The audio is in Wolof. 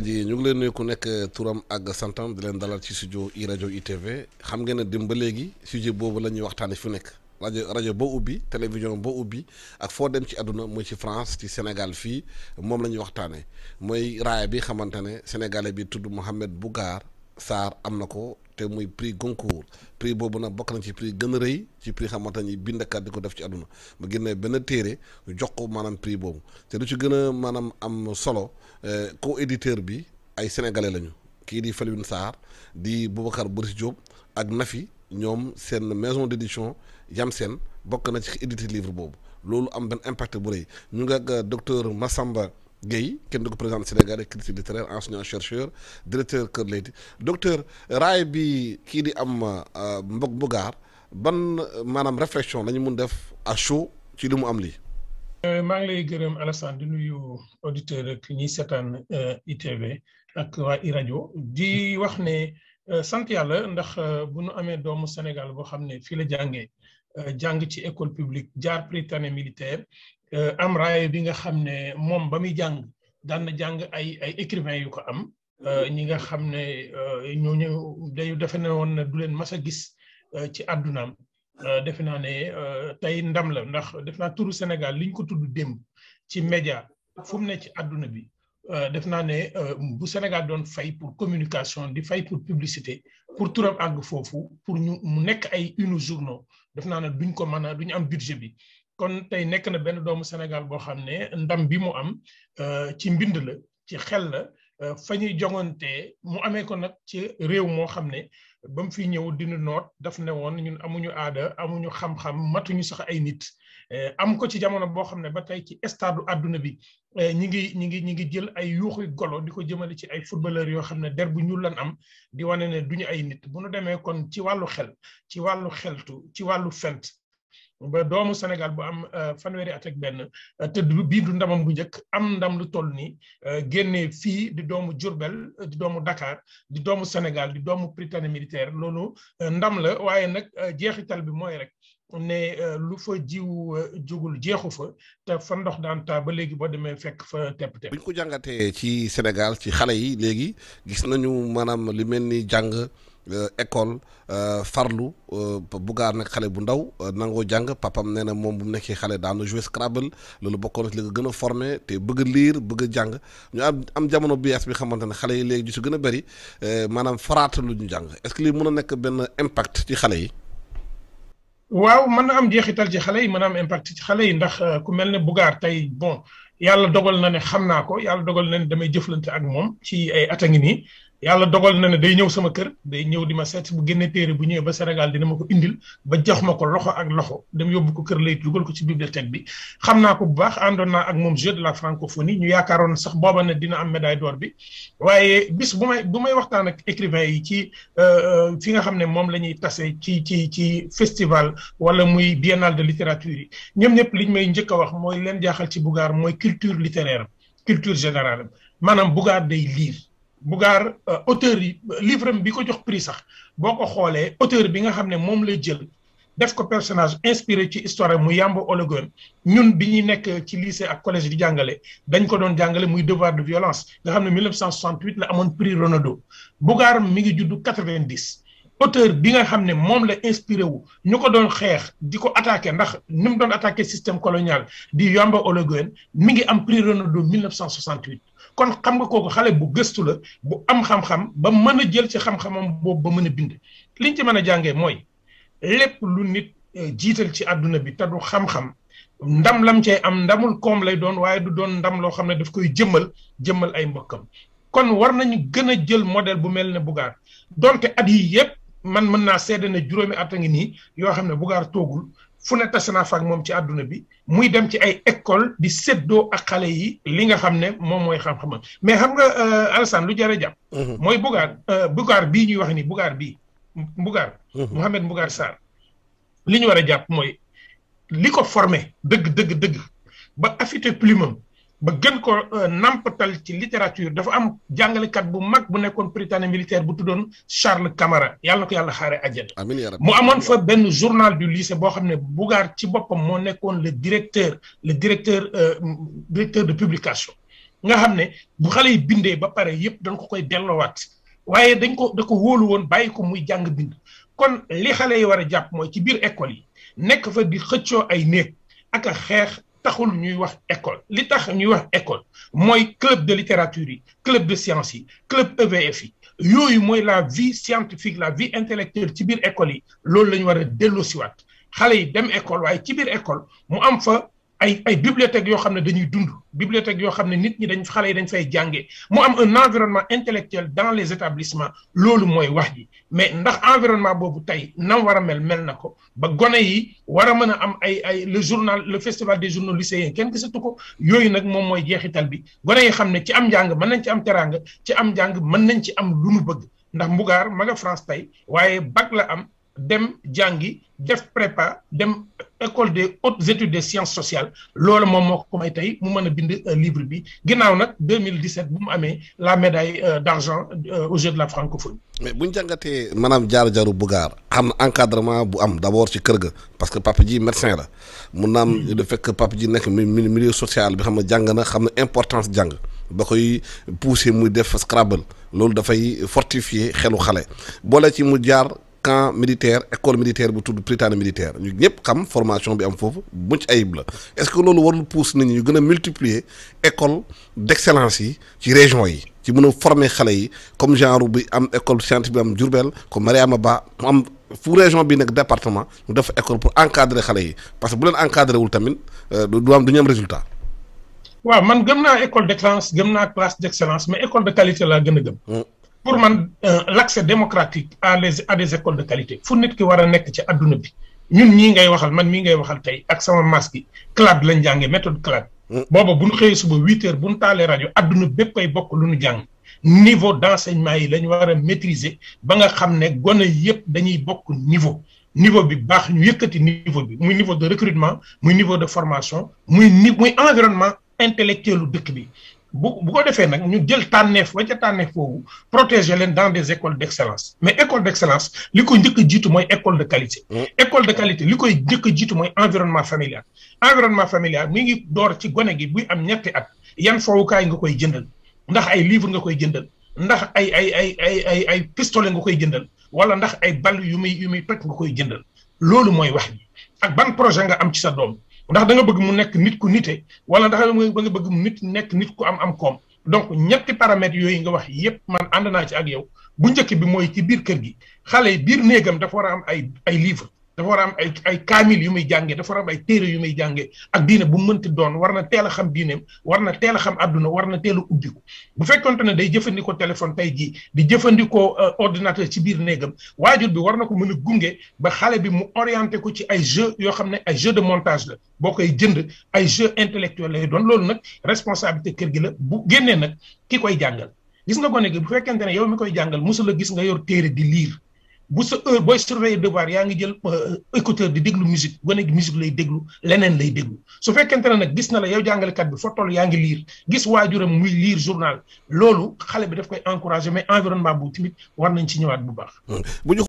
nappkat yi ñu ngi leen nuyu ku nekk turam ak santam di leen dalal ci studio i rajo ITV xam ngeen ne dem ba léegi sujet boobu la ñuy waxtaanee fu nekk rajo rajo boo ubbi télévision boo ubbi ak foo dem ci àdduna mooy ci France ci Sénégal fii moom la ñuy waxtaanee mooy raaya bi xamante ne sénégalais bi tudd Mohamed Bougar. Sarr am na ko te muy prix Goncourt prix boobu nag bokk na ci prix gën a rëy ci prix xamante ni bindkat di ko def ci àdduna mu génne benn téere jox ko maanaam prix boobu te lu ci gën a maanaam am solo eh, co-éditeur bi ay sénégalais lañu kii di Felwine Sarr di Boubacar Boris Diop ak Nafi ñoom seen maison d'édition Yamsen bokk na ci édité livre boobu loolu am benn impact bu rëy ñu nga ak docteur Massamba. Guèye kenn du ko président Sénégal critique littéraire enseignant chercheur directeur Kër Leyti docteur raay bi kii di am euh, Mbok mbogaar ban maanaam réflexion lañu mun def à chaud ci li mu am lii. Euh, maa ngi lay gërëm Alassane di nuyu auditeur ak ñiy seetaan euh, ITV ak waa iRadio di wax ne sant yàlla ndax bu nu amee doomu Sénégal boo xam ne fii la jàngee jàng ci école publique jaar Britannique militaire Euh, am raaya bi nga xam ne moom ba muy jàng daan jàng ay ay écrivains yu ko am. Euh, ñi nga xam ne euh, ñooñu dañu defe ne woon na du leen mas a gis ci àddunaam defe naa ne tey ndam la ndax def naa turu Sénégal liñ ko tudd démb ci média fu mu ci àdduna bi def naa ne bu Sénégal doon fay pour communication di fay pour publicité pour turam àgg foofu pour ñu mu nekk ay une journaux def naa ne duñ ko mën a duñ am budget bi kon tey nekk na benn doomu Sénégal boo xam ne ndam bi mu am euh, ci mbind la ci xel la euh, fa ñuy joŋante mu amee ko nag ci réew moo xam ne ba mu fiy ñëw dinu noot daf ne woon ñun amuñu aada amuñu xam-xam matuñu sax ay nit euh, am ko ci jamono boo xam ne ba tey ci stade àdduna bi ñi ngi ñi ngi ñi ngi jël ay yuuxu golo di ko jëmale ci ay footballeur yoo xam ne der bu ñuul lan am di wane ne duñu ay nit bu nu demee kon ci wàllu xel ci wàllu xeltu ci wàllu fent ba doomu Sénégal bu am euh, fanweeri at benn euh, te bii du ndamam bu njëkk am ndam lu toll nii euh, génnee fii di doomu jurbel di doomu Dakar di doomu Sénégal di doomu Prytanée militaire loolu ndam la waaye nag jeexital bi mooy rek. ne lu fa jiw jugul jeexu fa te fa ndox daan taa ba léegi boo demee fekk fa tepp tepp. bu ñu ko ci Sénégal ci xale yi léegi gis nañu maanaam li mel ni jàng. Euh, école euh, farlu euh, Bougar nekk xale bu ndaw nangoo jàng papam nee na moom bu mu nekkee xale daana jouer Scrabble loolu bokkoon na ci li ko gën a formé te bëgg a liir bëgg jàng ñu am jamono jamono bees bi xamante ne xale yi léegi ju si gën a bëri maanaam faraata lu ñu jàng est-ce que lii mën a nekk benn impact ci xale yi waaw mën na am jeexital ci xale yi mën na am impact ci xale yi ndax ku mel ne Bougar tey bon yàlla dogal na ne xam naa ko yàlla dogal na ne damay jëflante ak moom ci at a yàlla dogal na ne day ñëw sama kër day ñëw di ma seet bu génne téere bu ñëwee ba Sénégal dina ma ko indil ba jox ma ko loxo ak loxo dem yóbbu ko kër lay dugal ko ci bibliothèque bi. xam naa ko bu baax àndoon naa ak moom jeu de la francophonie ñu yaakaaroon sax booba ne dina am médaille d'or bi waaye bis bu may bu may waxtaan ak écrivain yi ci euh, euh, fi nga xam ne moom la ñuy tase ci ci ci festival wala muy biennale de littérature yi ñoom ñëpp liñ may njëkk a wax mooy leen jaaxal ci Bougar mooy culture littéraire culture générale maanaam Bougar day lire. Bugaar euh, auteur yi euh, livre bi ko jox prix sax boo ko xoolee auteur bi nga xam ne moom lay jël def ko personage inspiré ci histoire mu Yamb Oleguem ñun bi ñuy nekk ci lycée ak collège di jàngale dañ ko doon jàngale muy devoir de violence nga xam ne 1968 la amoon prix Renaudot Bugaar mi ngi juddu 90. auteur bi nga xam ne moom la inspiré wu ñu ko doon xeex di ko attaqué ndax ni mu doon attaqué système colonial di Yamb Oleguem mi ngi am prix Renaudot 1968. kon xam nga kooku xale bu gëstu la bu am xam-xam ba mën a jël ci xam-xamam boobu ba mën a bind liñ ci mën a jàngee mooy lépp lu nit euh, jiital ci àdduna bi te du xam-xam ndam lam cay am ndamul koom lay doon waaye du doon ndam loo xam ne daf koy jëmmal jëmmal ay mbokkam kon war nañu gën a jël modèle bu mel ne Bugaar donte at yii yëpp man mën naa seede ne juróomi at a ngi nii yoo xam ne Bugaar toogul fu ne tase naa fa ak moom ci àdduna bi muy dem ci ay école di séddoo ak xale yi li nga xam ne moom mooy xam-xamam mais xam nga euh, Alassane lu jar a jàpp. Mm-hmm. mooy Bougar euh, Bougar bii ñuy wax ni Bougar bi Bougar. Mm-hmm. Mouhamed Bougar Sarr li ñu war a jàpp mooy li ko formé dëgg dëgg dëgg ba affûté plume ba gën ko euh, nampatal ci littérature dafa am jàngalekat bu mag bu nekkoon Prytanée militaire bu tuddoon Charles Camara yàlla na ko yàlla xaare àjjana mu amoon fa benn journal du lycée boo xam ne Bougar ci boppam moo nekkoon le directeur le directeur euh, directeur de publication nga xam ne bu xale yi bindee ba pare yëpp dañ ko koy delloowaat waaye dañ ko da ko wóolu woon bàyyi ko muy jàng bind kon li xale yi war a jàpp mooy ci biir école yi nekk fa gi xëccoo ay néeg ak a xeex taxul ñuy wax école li tax ñuy école club de littérature club de sciences yi club EVF yooyu la vie scientifique la vie intellectuelle ci biir école yi loolu la ñu war a wat xale yi dem école waaye ci école mu am ay ay bibliothèques yoo xam ne dañuy dund bibliothèques yoo xam ne nit ñi dañ xale yi dañ fay jàngee mu am un environnement intellectuel dans les établissements loolu mooy wax ji mais ndax environnement boobu tey nam war a mel mel na ko ba gone yi war a mën a am ay ay le journal le festival des journaux lycéens kenn gisatu ko yooyu nag moom mooy jeexital bi gone yi xam ne ci am njàng mën nañ ci am teraanga ci am njàng mën nañ ci am lu nu bëgg ndax mbugaar ma nga France tey waaye bac la am dem jàngi def prépa dem école des hautes études des sciences sociales loolu moom moo may tay mu meuna bind euh, livre bi ginaaw nak 2017 bu mu la médaille euh, d'argent euh, aux Jeux de la francophonie. mais buñ jangaté manam maanaam jaar jaaru Bougar xam encadrement bu am d'abord ci kër ga parce que papa ji médecin la mu naa de mm. le fait que papa ji nek milieu social bi xamna ne na importance jang ba koy poussé muy def Scrabble da fay fortifier xelu xalé boole ci mu jaar camp militaire école militaire tout le prytanée militaire ñu ñëpp xam formation bi am foofu mucc ayib la est-ce que loolu warul pousse nit ñi ñu multiplier école d'excellence qui ci région yi ci mën former comme Jean bi am école scientifique bi am comme Maria Ba pour am fu région bi nekk département ñu école pour encadrer xale yi parce que bu encadrer wul nous euh, du am du ñu am résultat. waaw man gëm une école d'excellence gëm une classe d'excellence mais école de qualité là, gën pour man euh, l'accès démocratique à les à des écoles de qualité fu nit ki wara nek ci aduna bi ñun ñi ngay waxal man mi ngay waxal tay ak sama masque CLAD lañ jàngé méthode CLAD. Mm. booba bu ñu suba huit heures bu talé radio aduna adduna ay bokk lu ñu jàng niveau d'enseignement yi lañ wara maîtriser ba nga xamné gone dañuy bokk niveau. niveau bi baax ñu yëkëti niveau bi muy niveau de recrutement muy niveau de formation muy muy environnement intellectuel lu dëkk bi bu protéger dans des écoles d'excellence mais école d'excellence école de qualité. Mm. école de qualité environnement familial. environnement familial ci gone am ñetti nga koy jëndal ndax ay livre nga koy jëndal ndax ay ay ay ay ay pistolet nga koy jëndal ndax da nga bëgg mu nekk nit ku nite wala ndax da nga bëgg mu nit nekk nit ku am am koom donc ñetti paramètres yooyu nga wax yépp man ànd naa ci ak yow bu njëkk bi mooy ci biir kër gi xale biir néegam dafa war a am ay ay livre dafa war a am ay ay kaamil yu muy jàngee dafa war ay téere yu muy jàngee ak diine bu mënti doon war na teel a xam diineem war na teel a xam àdduna war na teel a ubbiku bu fekkonte ne day jëfandikoo téléphone tey jii di jëfandikoo euh, ordinateur ci biir néegam waajur bi war na ko mën a gunge ba xale bi mu orienté ko ci ay jeu yoo xam ne ay jeu de montage la boo koy jënd ay jeu intellectuel lay doon loolu nag responsabilité kër gi la bu génnee nag ki koy jàngal gis nga gone gi bu fekkente ne yow mi koy jàngal mosul a gis nga yor téere di lire bu sa devoir yaa ngi jël euh, écouteur di déglu musique gone gi musique lay déglu leneen lay déglu su fekkente ne nag gis na la yow kat bi foo toll yaa ngi liir gis waajuram muy liir journal loolu xale bi daf koy encourager mais environnement bu timit war nañ ci ñëwaat bu baax. Hmm.